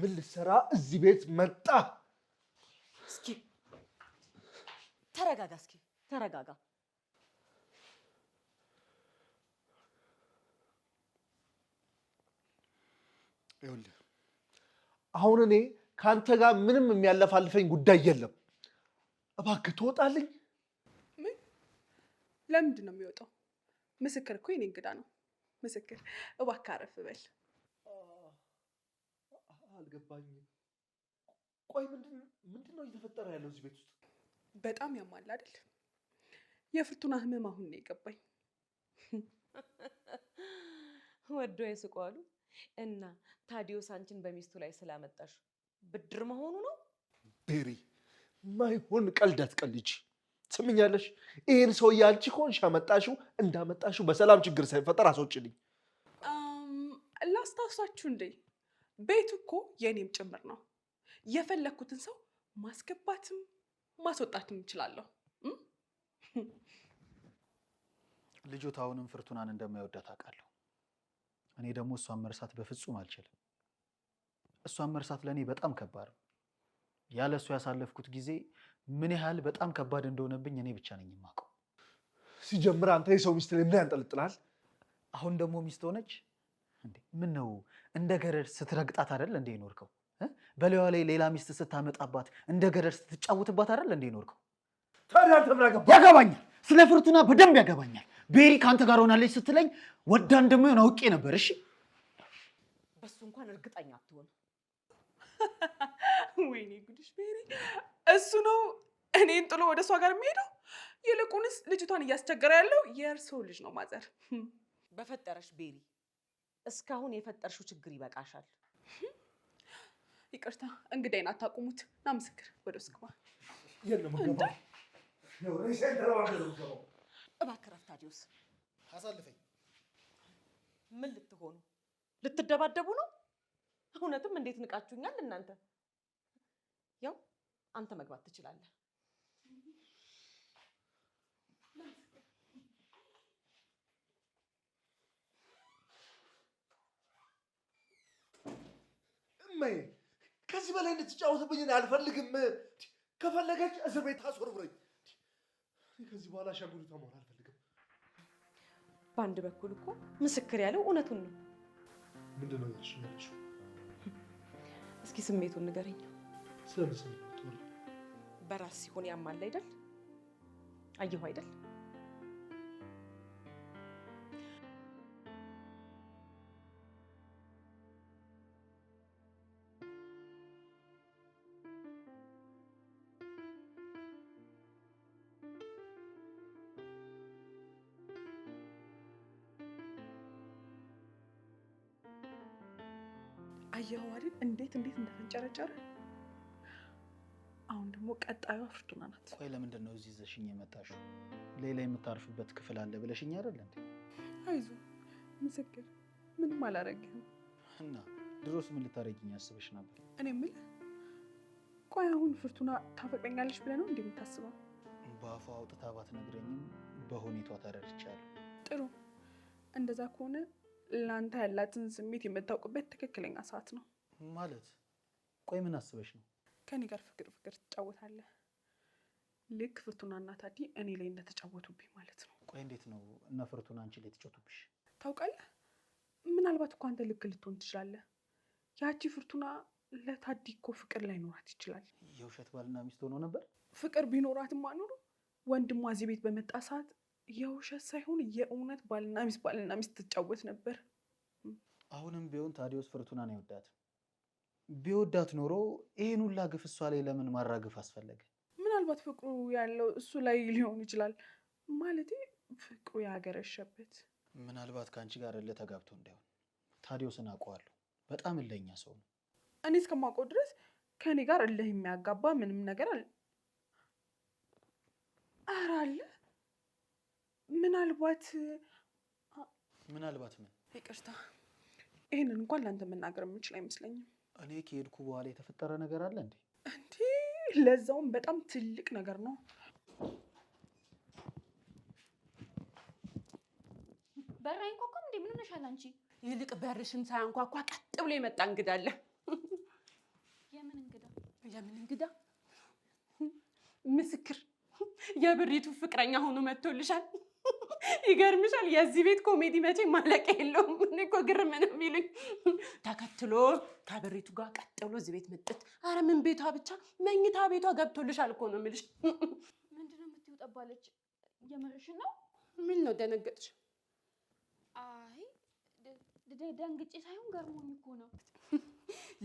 ምን ልትሰራ እዚህ ቤት መጣ? እስኪ ተረጋጋ፣ እስኪ ተረጋጋ። ይኸውልህ አሁን እኔ ከአንተ ጋር ምንም የሚያለፋልፈኝ ጉዳይ የለም። እባክህ ትወጣልኝ። ምን? ለምንድን ነው የሚወጣው? ምስክር እኮ የኔ እንግዳ ነው። ምስክር እባክህ አረፍ በል። አልገባኝም። ቆይ ምንድን ነው እየተፈጠረ ያለው እዚህ ቤት ውስጥ? በጣም ያማል አይደል? የፍርቱና ህመም አሁን ነው የገባኝ። ወዶ የስቆ እና ታዲዮስ አንቺን በሚስቱ ላይ ስላመጣሽ ብድር መሆኑ ነው? ቤሪ፣ ማይሆን ቀልድ አትቀልጂ። ትሰምኛለሽ? ይህን ሰው ያልች ከሆንሽ ያመጣሽው እንዳመጣሽው በሰላም ችግር ሳይፈጠር አስወጪልኝ። ላስታውሳችሁ እንዴ ቤቱ እኮ የእኔም ጭምር ነው። የፈለግኩትን ሰው ማስገባትም ማስወጣትም እችላለሁ። ልጆት አሁንም ፍርቱናን እንደማይወዳት አውቃለሁ። እኔ ደግሞ እሷን መርሳት በፍጹም አልችልም። እሷን መርሳት ለእኔ በጣም ከባድ ነው። ያለ እሱ ያሳለፍኩት ጊዜ ምን ያህል በጣም ከባድ እንደሆነብኝ እኔ ብቻ ነኝ የማውቀው። ሲጀምር አንተ የሰው ሚስት ላይ ምን ያንጠልጥላል? አሁን ደግሞ ሚስት ሆነች ምን ነው እንደ ገረድ ስትረግጣት አይደል እንደ ይኖርከው? በላይዋ ላይ ሌላ ሚስት ስታመጣባት እንደ ገረድ ስትጫወትባት አይደል እንደ ይኖርከው? ያገባኛል። ስለ ፍርቱና በደንብ ያገባኛል። ቤሪ ከአንተ ጋር ሆናለች ስትለኝ ወዳ እንደማይሆን አውቄ ነበር። እሺ፣ በሱ እንኳን እርግጠኛ አትሆን ወይኔ ጉድሽ ብሄሬ እሱ ነው እኔን ጥሎ ወደ እሷ ጋር የሚሄደው። ይልቁንስ ልጅቷን እያስቸገረ ያለው የእርሶ ልጅ ነው። ማዘር በፈጠረሽ ቤሪ፣ እስካሁን የፈጠርሽው ችግር ይበቃሻል። ይቅርታ እንግዳይን አታቁሙት ና ምስክር ወደ ውስጥ ግባ። እባክህ ረፍታዲዮስ አሳልፈኝ። ምን ልትሆኑ ልትደባደቡ ነው? እውነትም እንዴት ንቃችሁኛል እናንተ። ያው አንተ መግባት ትችላለህ። እማዬ ከዚህ በላይ እንድትጫወትብኝ አልፈልግም። ከፈለገች እስር ቤት ታስወርውረኝ። ከዚህ በኋላ አሻንጉሊቷ መሆን አልፈልግም። በአንድ በኩል እኮ ምስክር ያለው እውነቱን ነው። ምንድን ነው ያልሽው? እስኪ ስሜቱን ንገረኝ። በራስ ሲሆን ያማል አይደል? አየሁ አይደል? ተዘጋጃል። አሁን ደግሞ ቀጣዩ ፍርቱና ናት። ቆይ ለምንድን ነው እዚህ ዘሽኝ የመጣሽው? ሌላ የምታርፍበት ክፍል አለ ብለሽኝ አይደል እንዴ? አይዞ ምስክር፣ ምንም አላረግህም። እና ድሮስ ምን ልታረጊኝ ያስበሽ ነበር? እኔ የምል ቆይ አሁን ፍርቱና ታፈቅረኛለች ብለህ ነው እንዴ የምታስበው? በአፏ አውጥታ ባትነግረኝም በሁኔቷ ተረድቻለሁ። ጥሩ፣ እንደዛ ከሆነ ለአንተ ያላትን ስሜት የምታውቅበት ትክክለኛ ሰዓት ነው ማለት ቆይ ምን አስበሽ ነው ከኔ ጋር ፍቅር ፍቅር ትጫወታለህ? ልክ እና ታዲ እኔ ላይ እንደተጫወቱብኝ ማለት ነው። ቆይ እንዴት ነው እነ ፍርቱና አንቺ ላይ ተጫወቱብሽ? ታውቃለህ፣ ምናልባት እኮ አንተ ልክ ልትሆን ትችላለህ። ያቺ ፍርቱና ለታዲ እኮ ፍቅር ላይኖራት ይችላል። የውሸት ባልና ሚስት ሆኖ ነበር። ፍቅር ቢኖራትም አኑሩ ወንድሟ እዚህ ቤት በመጣ ሰዓት የውሸት ሳይሆን የእውነት ባልና ሚስት ባልና ሚስት ትጫወት ነበር። አሁንም ቢሆን ታዲዎስ ፍርቱናን አይወዳትም። ቢወዳት ኖሮ ይህን ሁላ ግፍ እሷ ላይ ለምን ማራግፍ አስፈለገ? ምናልባት ፍቅሩ ያለው እሱ ላይ ሊሆን ይችላል። ማለቴ ፍቅሩ ያገረሸበት ምናልባት ከአንቺ ጋር እልህ ተጋብቶ እንዳይሆን። ታዲዮስን አውቀዋለሁ፣ በጣም እልኸኛ ሰው ነው። እኔ እስከማውቀው ድረስ ከእኔ ጋር እልህ የሚያጋባ ምንም ነገር አለ ኧረ አለ። ምናልባት ምናልባት ምን፣ ይቅርታ፣ ይህንን እንኳን ለአንተ መናገር የምችል አይመስለኝም። እኔ ከሄድኩ በኋላ የተፈጠረ ነገር አለ እንዴ? እንዴ ለዛውም በጣም ትልቅ ነገር ነው። በር አይንኳኳም እንዴ? ምን ሆነሻል አንቺ? ይልቅ በርሽን ሳያንኳኳ ቀጥ ብሎ የመጣ እንግዳ አለ። የምን እንግዳ? የምን እንግዳ? ምስክር የብሪቱ ፍቅረኛ ሆኖ መጥቶልሻል። ይገርምሻል። የዚህ ቤት ኮሜዲ መቼ ማለቀ የለውም። እኔ እኮ ግርም ነው የሚሉኝ። ተከትሎ ከብሪቱ ጋር ቀጥሎ እዚህ ቤት መጥት። አረ ምን ቤቷ ብቻ መኝታ ቤቷ ገብቶልሻል እኮ ነው የምልሽ። ምንድነው የምትውጠባለች? የምርሽ ነው? ምን ነው ደነገጥሽ? ደንግጬ ሳይሆን ገርሞኝ እኮ ነው።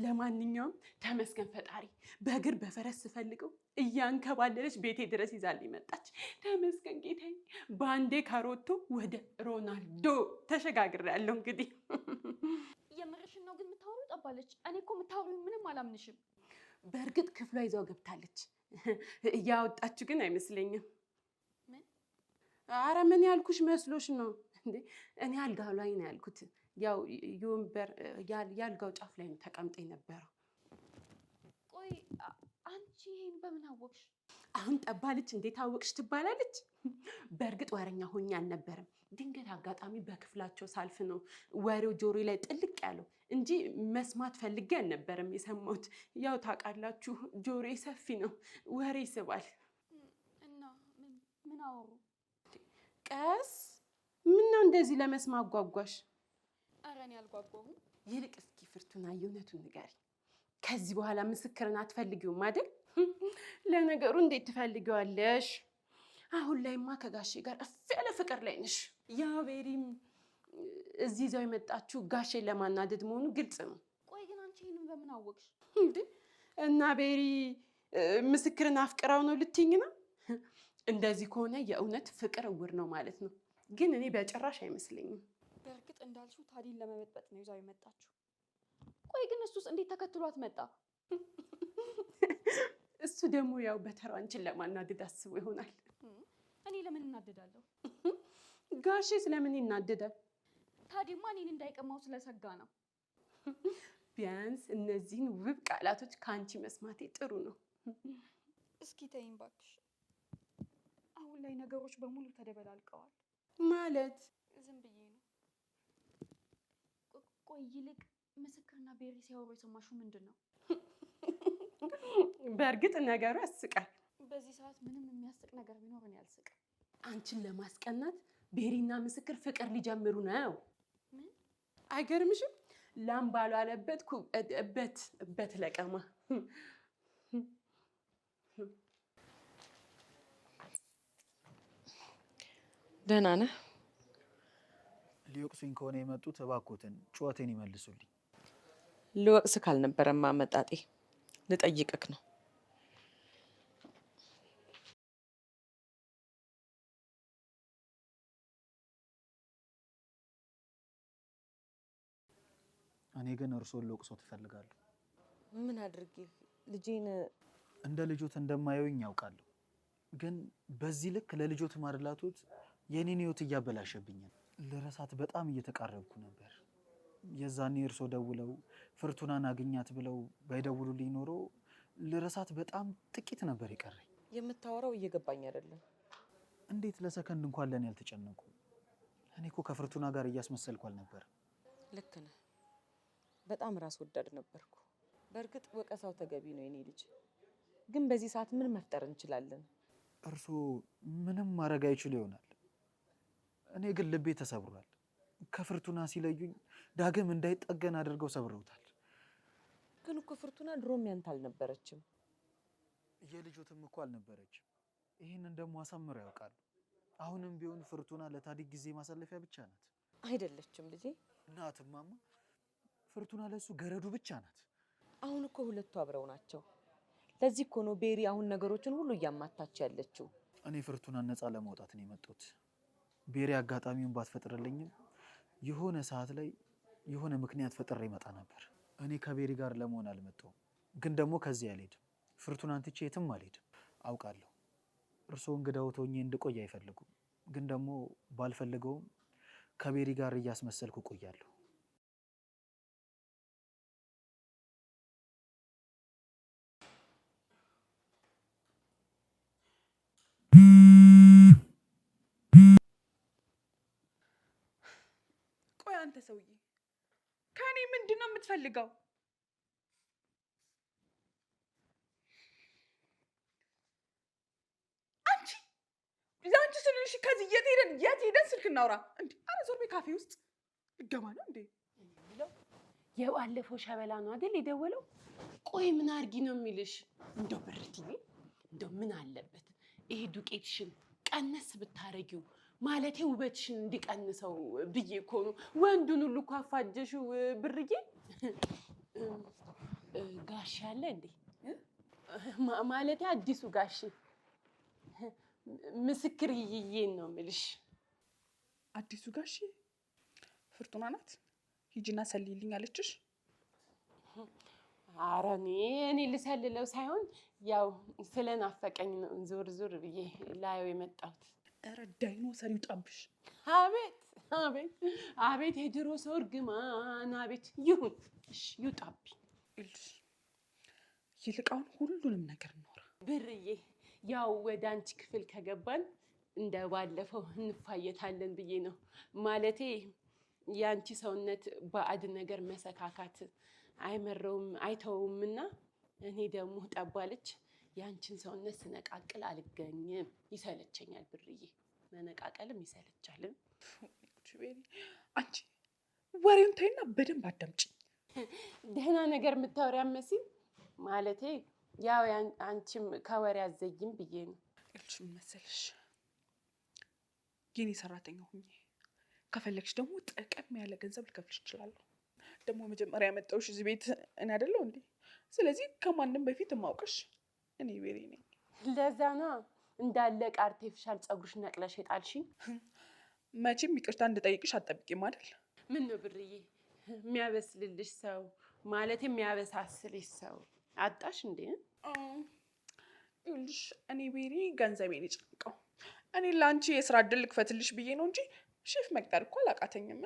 ለማንኛውም ተመስገን ፈጣሪ፣ በእግር በፈረስ ስፈልገው እያንከባለለች ቤቴ ድረስ ይዛልኝ መጣች። ተመስገን ጌታዬ። በአንዴ ካሮቶ ወደ ሮናልዶ ያለው እንግዲህ የምርሽን ነው ግን የምታወሩ ጠባለች። እኔ እኮ የምታወሩ ምንም አላምንሽም። በእርግጥ ክፍሏ ይዛው ገብታለች። እያወጣችሁ ግን አይመስለኝም። ምን? ኧረ ምን ያልኩሽ መስሎሽ ነው? እንዴ እኔ አልጋ ላይ ነው ያልኩት። ያው የወንበር የአልጋው ጫፍ ላይ ነው ተቀምጠ የነበረው። ቆይ አንቺ ይሄን በምን አወቅሽ? አሁን ጠባለች እንዴ ታወቅሽ ትባላለች። በእርግጥ ወረኛ ሆኜ አልነበረም። ድንገት አጋጣሚ በክፍላቸው ሳልፍ ነው ወሬው ጆሮ ላይ ጥልቅ ያለው እንጂ መስማት ፈልጌ አልነበረም የሰማሁት። ያው ታውቃላችሁ፣ ጆሮ ሰፊ ነው፣ ወሬ ይስባል። እና ምን አወሩ? ቀስ ምነው እንደዚህ ለመስማ አጓጓሽ ኧረ እኔ ይልቅ እስኪ ፍርቱና የእውነቱን ንገሪ። ከዚህ በኋላ ምስክርን አትፈልጊውም አይደል? ለነገሩ እንዴት ትፈልጊዋለሽ? አሁን ላይማ ከጋሼ ጋር እፍ ያለ ፍቅር ላይ ነሽ። ቤሪም እዚህ ይዘው የመጣችው ጋሼን ለማናደድ መሆኑ ግልጽ ነው። ቆይ ግን አንቺ ይህንን በምን አወቅሽ? እና ቤሪ ምስክርን አፍቅራው ነው ልትይኝ ነው? እንደዚህ ከሆነ የእውነት ፍቅር እውር ነው ማለት ነው። ግን እኔ በጭራሽ አይመስለኝም። በእርግጥ እንዳልሽው ታዲን ለመበጥበጥ ነው ይዛው የመጣችው። ቆይ ግን እሱስ እንዴት ተከትሏት መጣ? እሱ ደግሞ ያው በተራ አንቺን ለማናደድ አስቦ ይሆናል። እኔ ለምን እናደዳለሁ? ጋሼ ስለምን ይናደዳል? ታዲማ እኔን እንዳይቀማው ስለሰጋ ነው። ቢያንስ እነዚህን ውብ ቃላቶች ከአንቺ መስማቴ ጥሩ ነው። እስኪ ተይኝ እባክሽ። አሁን ላይ ነገሮች በሙሉ ተደበላልቀዋል። ማለት ዝም ብዬ ነው። ቆይ ይልቅ ምስክርና ቤሪ ሲያወሩ የሰማሽው ምንድን ነው? በእርግጥ ነገሩ ያስቃል። በዚህ ሰዓት ምንም የሚያስቅ ነገር ቢኖር እኔ አልስቅም። አንቺን ለማስቀናት ቤሪና ምስክር ፍቅር ሊጀምሩ ነው። አይገርምሽም? ላም ባሏለበት በት ለቀማ ደህና ነህ? ሊወቅሱኝ ከሆነ የመጡት እባክዎትን ጩኸቴን ይመልሱልኝ። ልወቅስ ካልነበረማ መጣጤ ልጠይቅክ ነው። እኔ ግን እርስዎን ልወቅሶ ትፈልጋለሁ። ምን አድርጌ ልጄን እንደ ልጆት እንደማየውኝ ያውቃለሁ። ግን በዚህ ልክ ለልጆት ማድላቶት የኔን ህይወት ነው። ልረሳት በጣም እየተቃረብኩ ነበር። የዛኔ እርሶ ደውለው ፍርቱናን አግኛት ብለው ባይደውሉልኝ ኖሮ ልረሳት በጣም ጥቂት ነበር የቀረኝ። የምታወራው እየገባኝ አይደለም። እንዴት ለሰከንድ እንኳን ለእኔ ያልተጨነቁ? እኔ እኮ ከፍርቱና ጋር እያስመሰልኩ አልነበር ልክ ነህ። በጣም ራስ ወዳድ ነበርኩ። በእርግጥ ወቀሳው ተገቢ ነው የኔ ልጅ፣ ግን በዚህ ሰዓት ምን መፍጠር እንችላለን? እርሶ ምንም ማድረግ አይችሉ ይሆናል እኔ ግን ልቤ ተሰብሯል። ከፍርቱና ሲለዩኝ ዳግም እንዳይጠገን አድርገው ሰብረውታል። ግን እኮ ፍርቱና ድሮም ያንተ አልነበረችም፣ የልጆትም እኮ አልነበረችም። ይህንን ደግሞ አሳምረው ያውቃሉ። አሁንም ቢሆን ፍርቱና ለታዲግ ጊዜ ማሳለፊያ ብቻ ናት። አይደለችም ልጄ። ናትማማ ፍርቱና ለሱ ገረዱ ብቻ ናት። አሁን እኮ ሁለቱ አብረው ናቸው። ለዚህ እኮ ነው ቤሪ አሁን ነገሮችን ሁሉ እያማታች ያለችው። እኔ ፍርቱናን ነፃ ለማውጣት ነው የመጡት። ቤሪ አጋጣሚውን ባትፈጥርልኝም የሆነ ሰዓት ላይ የሆነ ምክንያት ፈጥሬ ይመጣ ነበር። እኔ ከቤሪ ጋር ለመሆን አልመጣሁም፣ ግን ደግሞ ከዚህ አልሄድም። ፍርቱናን አንትቼ የትም አልሄድም። አውቃለሁ እርስዎ እንግዳውቶኜ እንድቆይ አይፈልጉም፣ ግን ደግሞ ባልፈልገውም ከቤሪ ጋር እያስመሰልኩ እቆያለሁ። አንተ ሰውዬ ከእኔ ምንድን ነው የምትፈልገው? አንቺ ለአንቺ ስንልሽ ከዚህ የት ሄደን የት ሄደን ስልክ እናውራ እንዴ? አረ ዞርቤ ካፌ ውስጥ ልገባ ነው እንዴ? የባለፈው ሸበላ ነው አይደል የደወለው? ቆይ ምን አድርጊ ነው የሚልሽ? እንደው ብርትዬ፣ እንደው ምን አለበት ይሄ ዱቄትሽን ቀነስ ብታረጊው ማለቴ ውበትሽን እንዲቀንሰው ብዬ እኮ ነው። ወንዱን ሁሉ እኮ አፋጀሽው ብርዬ። ጋሽ አለ እንዴ? ማለቴ አዲሱ ጋሽ ምስክር ይዬን ነው ምልሽ አዲሱ ጋሽ ፍርቱና ናት። ሂጂና ሰልይልኝ አለችሽ? አረ እኔ እኔ ልሰልለው ሳይሆን ያው ስለናፈቀኝ ነው ዞር ዞር ብዬ ላየው የመጣሁት። ኧረ ዳይኖሰር ይውጣብሽ! አቤት አቤት አቤት! የድሮ ሰው እርግማን አቤት! ይሁን ይውጣብኝ። ይልቃውን ሁሉንም ነገር ኖራ ብርዬ፣ ያው ወደ አንቺ ክፍል ከገባን እንደ ባለፈው እንፋየታለን ብዬ ነው። ማለቴ የአንቺ ሰውነት ባዕድ ነገር መሰካካት አይመረውም አይተውም እና እኔ ደግሞ ጠባለች ያንቺን ሰውነት ስነቃቅል አልገኝም። ይሰለቸኛል ብርዬ፣ መነቃቀልም ይሰለቻልም። አንቺ ወሬውን ተይና በደንብ አዳምጭ። ደህና ነገር የምታወሪ መሲል ማለቴ ያው አንቺም ከወሬ አዘይም ብዬ ነው። ይኸውልሽ መሰለሽ የኔ ሰራተኛ ሁኜ ከፈለግሽ ደግሞ ጠቀም ያለ ገንዘብ ልከፍልሽ እችላለሁ። ደግሞ መጀመሪያ ያመጣውሽ እዚህ ቤት እኔ አይደለሁ እንዴ? ስለዚህ ከማንም በፊት እማውቅሽ እኔ ቤሬ ነኝ። ለዛ ነዋ እንዳለቀ አርቴፊሻል ጸጉርሽ ነቅለሽ የጣልሽኝ። መቼም ይቅርታ እንድጠይቅሽ አትጠብቂም አይደል? ምን ነው ብርዬ፣ የሚያበስልልሽ ሰው ማለት የሚያበሳስልሽ ሰው አጣሽ እንዴ? ይኸውልሽ እኔ ቤሪ ገንዘቤን ይጨንቀው። እኔ ለአንቺ የስራ እድል ልክፈትልሽ ብዬ ነው እንጂ ሼፍ መቅጠር እኮ አላቃተኝም።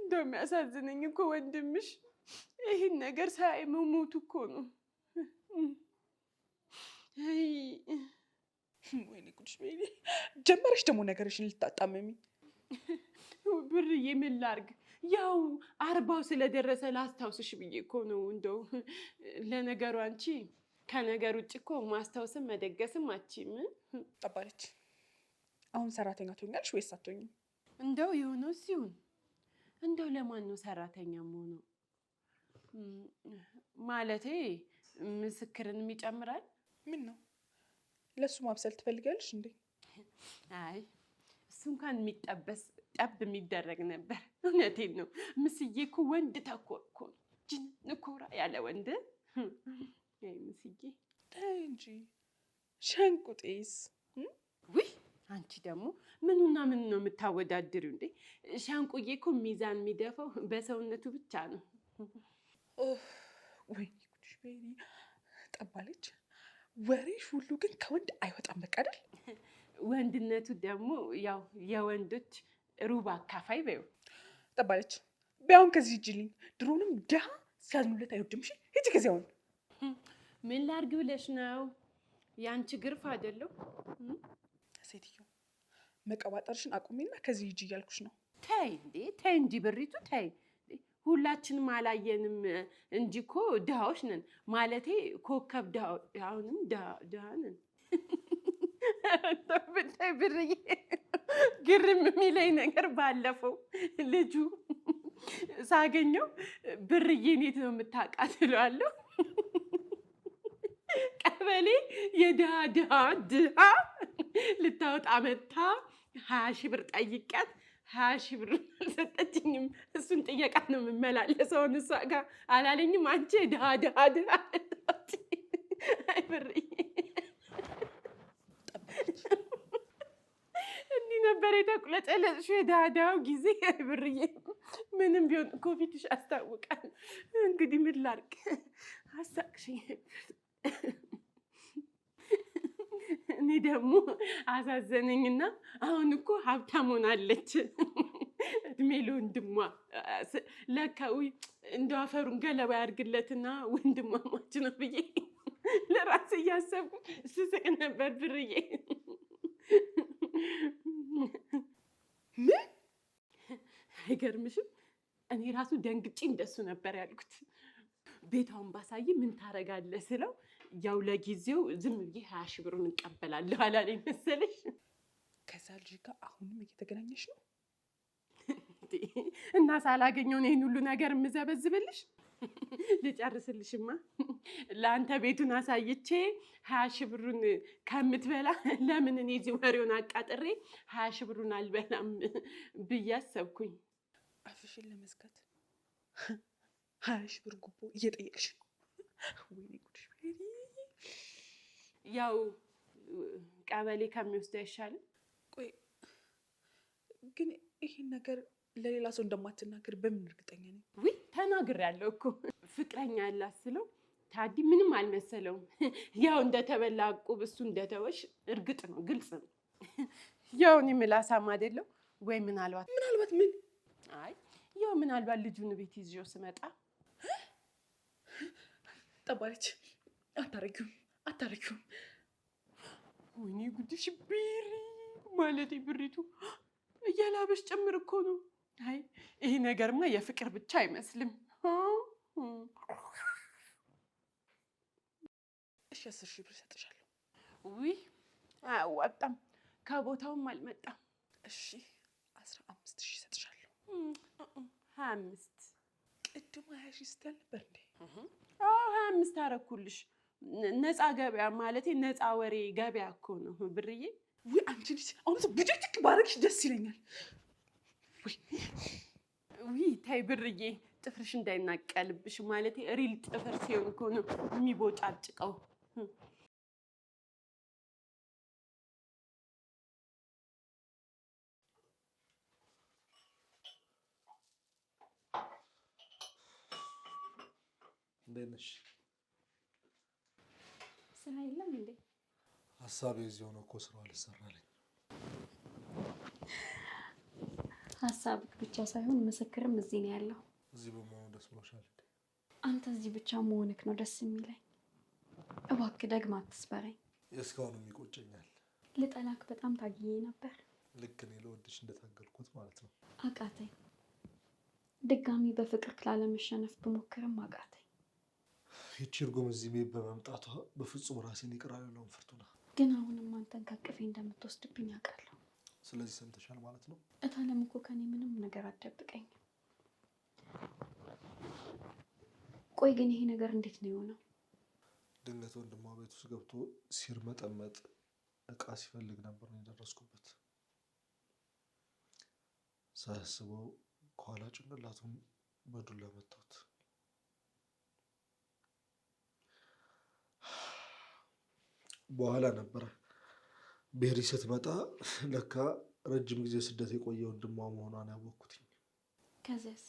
እንደው የሚያሳዝነኝ እኮ ወንድምሽ ይህን ነገር ሳይ መሞቱ እኮ ነው። ወይኔ ጉድሽ! ጀመረሽ ደግሞ ነገርሽን ልታጣመሚ። ብርዬ ምን ላድርግ? ያው አርባው ስለደረሰ ላስታውስሽ ብዬ እኮ ነው። እንደው ለነገሩ አንቺ ከነገር ውጭ እኮ ማስታወስም መደገስም አችም ጠባለች። አሁን ሰራተኛ ትሆኛለሽ ወይስ አትሆኝም? እንደው የሆነው ሲሆን እንደው ለማን ነው ሰራተኛ መሆነው? ማለቴ ምስክርን ይጨምራል። ምን ነው ለእሱ ማብሰል ትፈልጋለሽ እንዴ? አይ እሱ እንኳን የሚጠበስ ጠብ የሚደረግ ነበር። እውነቴን ነው። ምስዬ እኮ ወንድ ተኮር እኮ ጅን ኮራ ያለ ወንድ ምስዬ። ተይ እንጂ ሸንቁጤስ። ውይ አንቺ ደግሞ ምኑና ምኑ ነው የምታወዳድሪው እንዴ? ሻንቁዬ እኮ ሚዛን የሚደፈው በሰውነቱ ብቻ ነው። ወይኔ ጉድሽ ቤቢ ጠባለች። ወሬሽ ሁሉ ግን ከወንድ አይወጣም። በቃ አይደል? ወንድነቱ ደግሞ ያው የወንዶች ሩብ አካፋይ በይው። ጠባለች ቢያውን ከዚህ ሂጂልኝ። ድሮንም ድሃ ሲያዝኑለት አይወድም። እሺ ሂጂ ከዚህ አሁን። ምን ላድርግ ብለሽ ነው? የአንቺ ግርፍ አይደለው ሴትዮ። መቀባጠርሽን አቁሜና ከዚህ ሂጂ እያልኩሽ ነው። ተይ እንዴ ተይ እንጂ ብሪቱ ተይ ሁላችንም አላየንም እንጂ እኮ ድሃዎች ነን። ማለቴ ኮከብ አሁንም ድሃ ነን። ብርዬ ግርም የሚለኝ ነገር ባለፈው ልጁ ሳገኘው ብርዬ የት ነው የምታውቃት እለዋለሁ። ቀበሌ የድሃ ድሃ ድሃ ልታወጣ መታ ሀያ ሺህ ብር ጠይቀት ሀያ ሺህ ብር አልሰጠችኝም። እሱን ጥየቃ ነው የምመላለሰውን እሷ ጋር አላለኝም። አንቺ ድሃ ድሃ ድሃ አይብር እንዲህ ነበር የተቁለጨለጭሽ የዳዳው ጊዜ ብርዬ። ምንም ቢሆን ኮቪድሽ አስታውቃል። እንግዲህ ምን ላድርግ? አሳቅሽኝ እኔ ደግሞ አሳዘነኝና አሁን እኮ ሀብታም ሆናለች። እድሜ ለወንድሟ ለካዊ እንደ አፈሩን ገለባ ያድርግለትና ወንድማማች ነው ብዬ ለራስ እያሰብኩ ስስቅ ነበር። ብርዬ ምን አይገርምሽም? እኔ ራሱ ደንግጬ እንደሱ ነበር ያልኩት። ቤታውን ባሳይ ምን ታረጋለህ ስለው ያው ለጊዜው ዝም ብዬ ሀያ ሺህ ብሩን እንቀበላለሁ አላለኝ መሰለሽ? ከዛ ልጅ ጋር አሁንም እየተገናኘሽ ነው እና ሳላገኘውን ይህን ሁሉ ነገር የምዘበዝብልሽ? ልጨርስልሽማ። ለአንተ ቤቱን አሳይቼ ሀያ ሺህ ብሩን ከምትበላ ለምን እኔ እዚህ ወሬውን አቃጥሬ ሀያ ሺህ ብሩን አልበላም ብዬ አሰብኩኝ። አፍሽን ለመዝጋት ሀያ ሺህ ብር ጉቦ እየጠየቅሽ ነው። ወይኔ ጉድሽ! ያው ቀበሌ ከሚወስድ አይሻልም? ቆይ ግን ይሄን ነገር ለሌላ ሰው እንደማትናገር በምን እርግጠኛ ነኝ? ውይ ተናግሬያለሁ እኮ ፍቅረኛ ያላት ስለው ታዲ ምንም አልመሰለውም። ያው እንደተበላ ዕቁብ እሱ እንደተወሽ እርግጥ ነው፣ ግልጽ ነው። ያው እኔ ምላሳም አይደለው ወይ? ምናልባት ምናልባት ምን አይ ያው ምናልባት ልጁን ቤት ይዤው ስመጣ ጠባለች አታረጊውም አታረጊውም። ወይኔ ጉድሽ ብሪ ማለት ብሪቱ እያላበሽ ጭምር እኮ ነው። አይ ይሄ ነገርማ የፍቅር ብቻ አይመስልም። እሺ አስር ሺህ ብር እሰጥሻለሁ። ውይ አያዋጣም፣ ከቦታውም አልመጣም። እሺ አስራ አምስት ሺህ እሰጥሻለሁ። ሀያ አምስት ቅድም ሀያ ሺህ ስትል ነበር እንዴ? አዎ ሀያ አምስት አረኩልሽ። ነፃ ገበያ ማለት ነፃ ወሬ ገበያ እኮ ነው ብርዬ። ውይ አንቺ ልጅ አሁን ብጭጭቅ ባረግሽ ደስ ይለኛል። ውይ ታይ ብርዬ፣ ጥፍርሽ እንዳይናቀልብሽ ማለት ሪል ጥፍር ሲሆን እኮ ነው የሚቦጫጭቀው። እንዴት ነሽ? ስራ የለም እንዴ? ሀሳቤ እዚህ ሆኖ እኮ ስራው አልሰራልኝ። ሀሳብ ብቻ ሳይሆን ምስክርም እዚህ ነው ያለው። እዚህ በመሆኑ ደስ ብሎሻል? አንተ እዚህ ብቻ መሆንክ ነው ደስ የሚለኝ። እባክህ ደግማ አትስበረኝ። እስካሁንም ይቆጨኛል። ልጠላክ በጣም ታግዬ ነበር። ልክ እኔ ለወድሽ እንደታገልኩት ማለት ነው። አቃተኝ። ድጋሚ በፍቅር ላለመሸነፍ ብሞክርም አቃተኝ። ይቺ እርጉም እዚህ ቤት በመምጣቷ በፍጹም ራሴን ይቅር አልለውም። ፍርቱና ግን አሁንም አንተን ከቅፌ እንደምትወስድብኝ አውቃለሁ። ስለዚህ ሰምተሻል ማለት ነው። እታለም እኮ ከኔ ምንም ነገር አትደብቀኝም። ቆይ ግን ይሄ ነገር እንዴት ነው የሆነው? ድንገት ወንድሟ ቤት ውስጥ ገብቶ ሲርመጠመጥ እቃ ሲፈልግ ነበር ነው የደረስኩበት። ሳያስበው ከኋላ ጭንቅላቱን በዱላ መታሁት። በኋላ ነበረ ብሄሪ ስትመጣ ለካ ረጅም ጊዜ ስደት የቆየ ወንድሟ መሆኗን ያወቅኩትኝ። ከዚያስ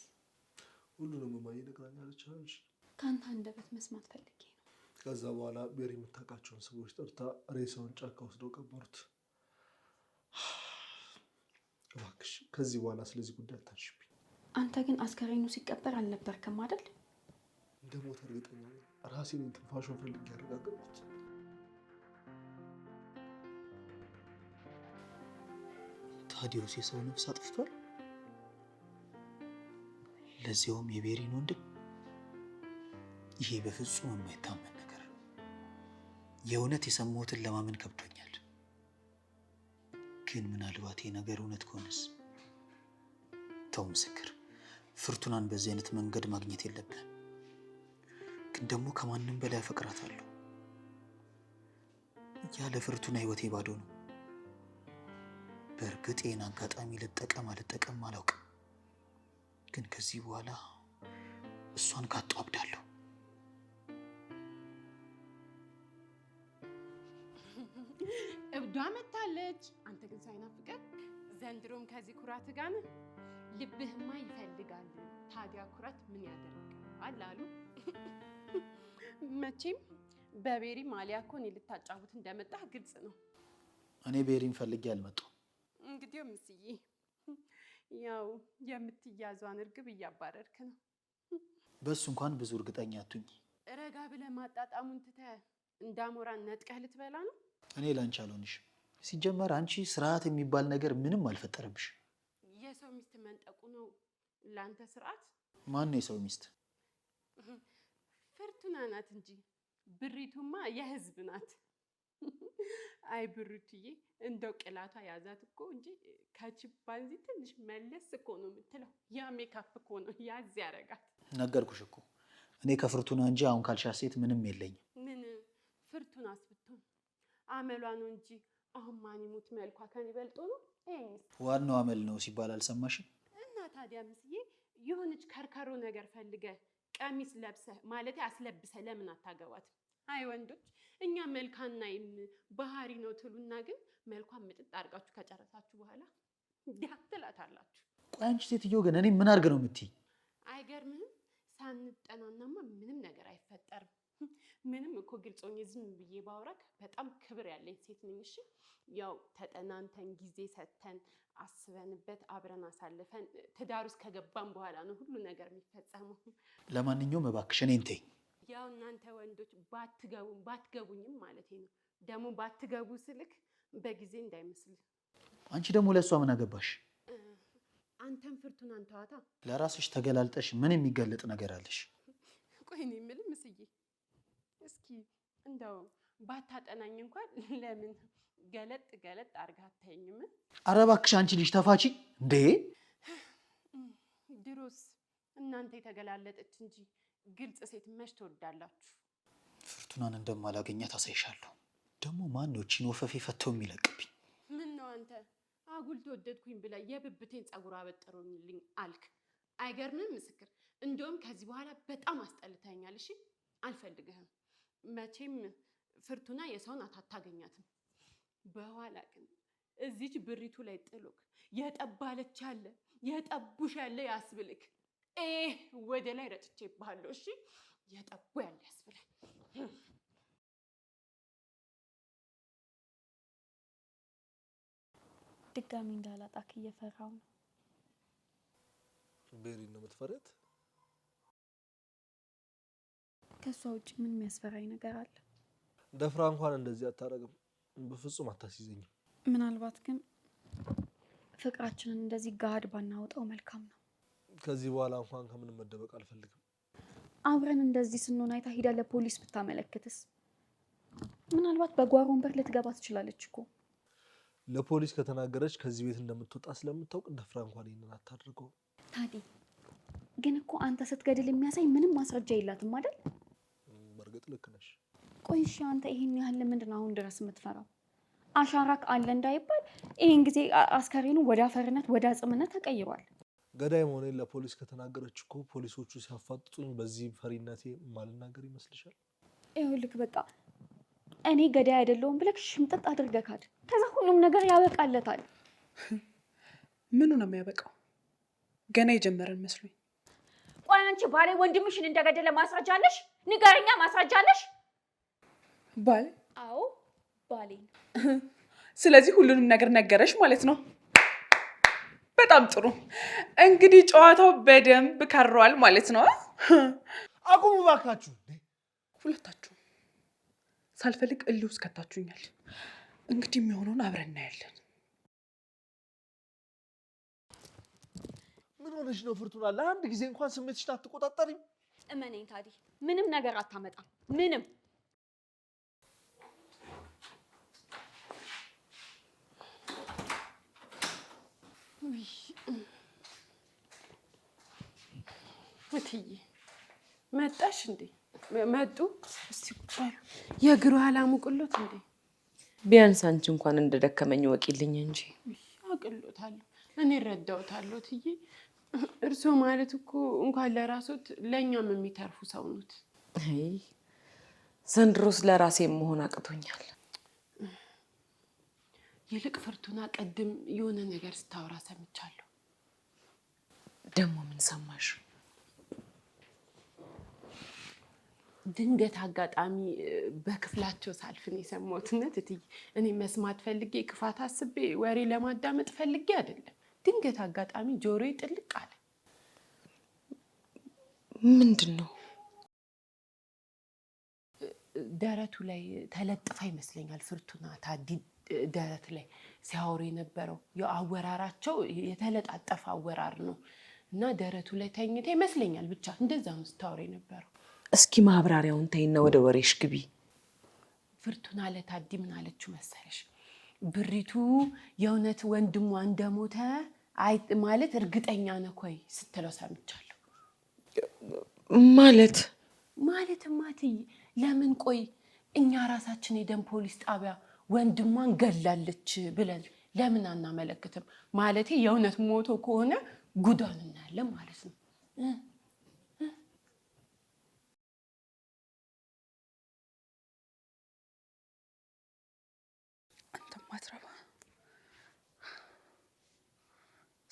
ሁሉንም እማዬ ነግራኛለች። ከአንተ አንደበት መስማት ፈልጌ ነው። ከዛ በኋላ ብሄሪ የምታውቃቸውን ሰዎች ጠርታ ሬሳውን ጫካ ወስደው ቀበሩት። እባክሽ ከዚህ በኋላ ስለዚህ ጉዳይ አታንሽብኝ። አንተ ግን አስከሬኑ ሲቀበር አልነበርክም አይደል? እንደ ሞት እርግጠኛ ራሴን ትንፋሹን ፈልጌ ያረጋገጥኩት ታዲዮስ የሰው ነፍስ አጥፍቷል፣ ለዚያውም የቤሪን ወንድም። ይሄ በፍጹም የማይታመን ነገር ነው። የእውነት የሰማሁትን ለማመን ከብዶኛል። ግን ምናልባት ይህ ነገር እውነት ከሆነስ? ተው ምስክር፣ ፍርቱናን በዚህ አይነት መንገድ ማግኘት የለብን ግን ደግሞ ከማንም በላይ አለው? ያለ ፍርቱና ህይወቴ ባዶ ነው። በእርግጥ ይህን አጋጣሚ ልጠቀም አልጠቀም አላውቅም፣ ግን ከዚህ በኋላ እሷን ካጣሁ አብዳለሁ። እብዷ መታለች። አንተ ግን ሳይናፍቀት ዘንድሮም ከዚህ ኩራት ጋር ልብህማ ይፈልጋሉ ታዲያ ኩራት ምን ያደርግ አላሉ? መቼም በቤሪ ማሊያ እኮ እኔ ልታጫውት እንደመጣህ ግልጽ ነው። እኔ ቤሪን ፈልጌ አልመጣሁም። እንግዲህ ምስዬ ያው የምትያዟን እርግብ እያባረርክ ነው። በሱ እንኳን ብዙ እርግጠኛ አትሁኝ። ረጋ ብለህ ማጣጣሙን ትተህ እንዳሞራን ነጥቀህ ልትበላ ነው። እኔ ላንቺ አልሆንሽ። ሲጀመር አንቺ ስርዓት የሚባል ነገር ምንም አልፈጠረብሽ። የሰው ሚስት መንጠቁ ነው ለአንተ ስርዓት? ማን ነው የሰው ሚስት? ፍርቱና ናት እንጂ ብሪቱማ የህዝብ ናት። አይ ብሩትዬ እንደው ቅላቷ ያዛት እኮ እንጂ ከችባንዚ ትንሽ መለስ እኮ ነው የምትለው። ያ ሜካፕ እኮ ነው ያዝ ያረጋት። ነገርኩሽ እኮ እኔ ከፍርቱና እንጂ አሁን ካልሻ ሴት ምንም የለኝም። ምን ፍርቱን ብትሆን አመሏ ነው እንጂ አሁን ማን ይሙት መልኳ ከኔ በልጦ ነው። ዋናው አመል ነው ሲባል አልሰማሽም? እና ታዲያ ምስዬ የሆነች ከርከሮ ነገር ፈልገ ቀሚስ ለብሰ ማለት አስለብሰ ለምን አታገባትም? አይ ወንዶች፣ እኛ መልክ አናይም ባህሪ ነው ትሉና ግን መልኳን ምጥጥ አድርጋችሁ ከጨረሳችሁ በኋላ ዲያ ትላታላችሁ። ቆይ አንቺ ሴትዮ ግን እኔ ምን አድርግ ነው የምትይ? አይገርምህም? ሳንጠናናማ ምንም ነገር አይፈጠርም። ምንም እኮ ግልጽ ሆኜ ዝም ብዬ ባውራክ በጣም ክብር ያለኝ ሴት ነኝ። እሺ ያው ተጠናንተን ጊዜ ሰጥተን አስበንበት አብረን አሳልፈን ትዳር ውስጥ ከገባን በኋላ ነው ሁሉ ነገር የሚፈጸመው። ለማንኛውም እባክሽ እኔን ተይኝ። ያው እናንተ ወንዶች ባትገቡ ባትገቡኝም ማለት ነው። ደግሞ ባትገቡ ስልክ በጊዜ እንዳይመስል። አንቺ ደግሞ ለእሷ ምን አገባሽ? አንተን ፍርቱናን ተዋታ። ለራስሽ ተገላልጠሽ ምን የሚገለጥ ነገር አለሽ? ቆይ ነው የምልህ ምስዬ፣ እስኪ እንደው ባታጠናኝ እንኳን ለምን ገለጥ ገለጥ አድርገህ አታየኝም? ኧረ እባክሽ አንቺ ልጅ ተፋቺ እንዴ! ድሮስ እናንተ የተገላለጠች እንጂ ግልጽ ሴት መች ትወዳላችሁ? ፍርቱናን እንደማላገኛት አሳይሻለሁ። ደግሞ ማን ነው ቺን ወፈፌ ፈተው የሚለቅብኝ? ምን ነው አንተ አጉል ተወደድኩኝ ብለህ የብብቴን ጸጉር አበጠሩልኝ አልክ። አይገርምም ምስክር። እንደውም ከዚህ በኋላ በጣም አስጠልተኛል። እሺ አልፈልግህም። መቼም ፍርቱና የሰውን አታታገኛትም። በኋላ ግን እዚች ብሪቱ ላይ ጥሎክ የጠባለች ያለ የጠቡሽ ያለ ያስብልክ ወደ ላይ ረጭቼ ባለው እሺ፣ የጠቦ ያለ ያስብላል። ድጋሚ እንዳላጣክ እየፈራው ነው። ቤሪ ነው የምትፈረት? ከእሷ ውጭ ምን የሚያስፈራኝ ነገር አለ? ደፍራ እንኳን እንደዚህ አታደርግም በፍጹም አታስይዘኝም። ምናልባት ግን ፍቅራችንን እንደዚህ ጋድ ባናወጣው መልካም ነው። ከዚህ በኋላ እንኳን ከምንም መደበቅ አልፈልግም። አብረን እንደዚህ ስንሆን አይታ ሂዳ ለፖሊስ ብታመለክትስ? ምናልባት በጓሮ ወንበር ልትገባ ትችላለች እኮ። ለፖሊስ ከተናገረች ከዚህ ቤት እንደምትወጣ ስለምታውቅ ፍራ እንኳን ይህንን አታድርገው። ታዲ ግን እኮ አንተ ስትገድል የሚያሳይ ምንም ማስረጃ የላትም አይደል? በእርግጥ ልክ ነሽ። ቆይ እሺ አንተ ይህን ያህል ለምንድን ነው አሁን ድረስ የምትፈራው? አሻራክ አለ እንዳይባል ይህን ጊዜ አስከሬኑ ወደ አፈርነት ወደ አጽምነት ተቀይሯል። ገዳይ መሆኔን ለፖሊስ ከተናገረች እኮ ፖሊሶቹ ሲያፋጥጡኝ በዚህ ፈሪነቴ ማልናገር ይመስልሻል? ይኸውልህ በቃ እኔ ገዳይ አይደለሁም ብለህ ሽምጥጥ አድርገካል ከዛ ሁሉም ነገር ያበቃለታል። ምኑ ነው የሚያበቃው? ገና የጀመረን መስሎኝ። ቆይ አንቺ ባሌ ወንድምሽን እንደገደለ ማስረጃ አለሽ? ንገረኛ፣ ማስረጃ አለሽ? ባሌ? አዎ ባሌ። ስለዚህ ሁሉንም ነገር ነገረሽ ማለት ነው? በጣም ጥሩ እንግዲህ ጨዋታው በደንብ ከሯል ማለት ነው። አቁሙ እባካችሁ ሁለታችሁ። ሳልፈልግ እልህ ውስጥ ከታችሁኛል። እንግዲህ የሚሆነውን አብረን እናያለን። ምን ሆነሽ ነው ፍርቱና? ለአንድ ጊዜ እንኳን ስሜትሽን አትቆጣጠሪም? እመነኝ ታዲ ምንም ነገር አታመጣም። ምንም እትዬ መጣሽ እንዴ? መጡ። እስቲ ቁጭ የእግሩ እንዴ? ቢያንስ አንቺ እንኳን እንደደከመኝ ወቂልኝ እንጂ አቅሎታለሁ። እኔ እረዳውታለሁ እትዬ። እርስዎ ማለት እኮ እንኳን ለራሶት ለእኛም የሚተርፉ ሰው ኖት። ዘንድሮስ ለራሴ መሆን አቅቶኛል። ይልቅ ፍርቱና ቀድም የሆነ ነገር ስታወራ ሰምቻለሁ። ደግሞ ምን ሰማሽ? ድንገት አጋጣሚ በክፍላቸው ሳልፍን የሰማሁትነት እትዬ፣ እኔ መስማት ፈልጌ ክፋት አስቤ ወሬ ለማዳመጥ ፈልጌ አይደለም። ድንገት አጋጣሚ ጆሮዬ ጥልቅ አለ። ምንድን ነው ደረቱ ላይ ተለጥፋ ይመስለኛል ፍርቱና ታዲ ደረት ላይ ሲያወሩ የነበረው አወራራቸው የተለጣጠፈ አወራር ነው እና ደረቱ ላይ ተኝታ ይመስለኛል። ብቻ እንደዛ ነው ስታወሩ የነበረው። እስኪ ማብራሪያውን ተይና ወደ ወሬሽ ግቢ። ፍርቱና ለታዲ ምን አለችው መሰለሽ? ብሪቱ የእውነት ወንድሟ እንደሞተ ማለት እርግጠኛ ነህ ኮይ ስትለው ሰምቻለሁ። ማለት ማለት ማትይ ለምን ቆይ እኛ ራሳችን የደን ፖሊስ ጣቢያ ወንድሟን ገላለች ብለን ለምን አናመለክትም? ማለት የእውነት ሞቶ ከሆነ ጉዳን እናያለን ማለት ነው።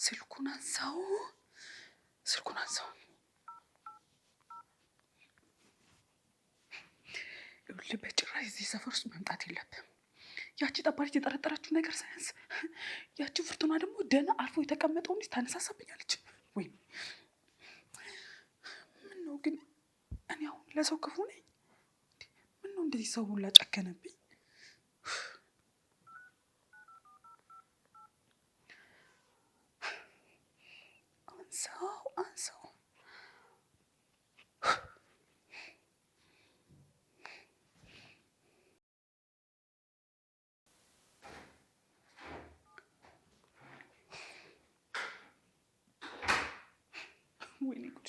ስልኩን አንሳው፣ ስልኩን አንሳው። ሉል በጭራሽ እዚህ ሰፈር ውስጥ መምጣት የለብም። ያቺ ጠባሪ የጠረጠረችው ነገር ሳያንስ ያቺ ፍርቱና ደግሞ ደህና አልፎ የተቀመጠውን ታነሳሳብኛለች። ወይ ምን ነው ግን እኔ አሁን ለሰው ክፉ ነኝ? ምን ነው እንደዚህ ሰው ሁላ ጨከነብኝ? አንሳው አንሳው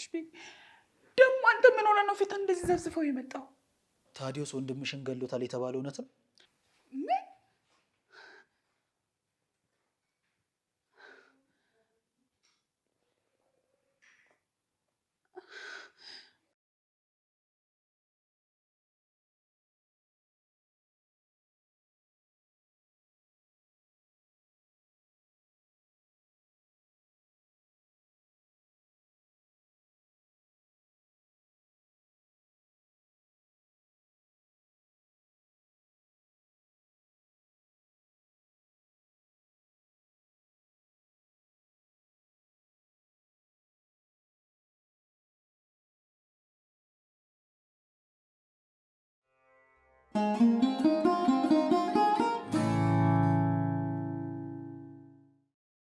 አትሽብኝ። ደግሞ አንተ ምን ሆነ ነው ፊት እንደዚህ ዘብዝፈው የመጣው? ታዲዮስ ወንድምሽን ገሎታል የተባለ እውነት ነው? Música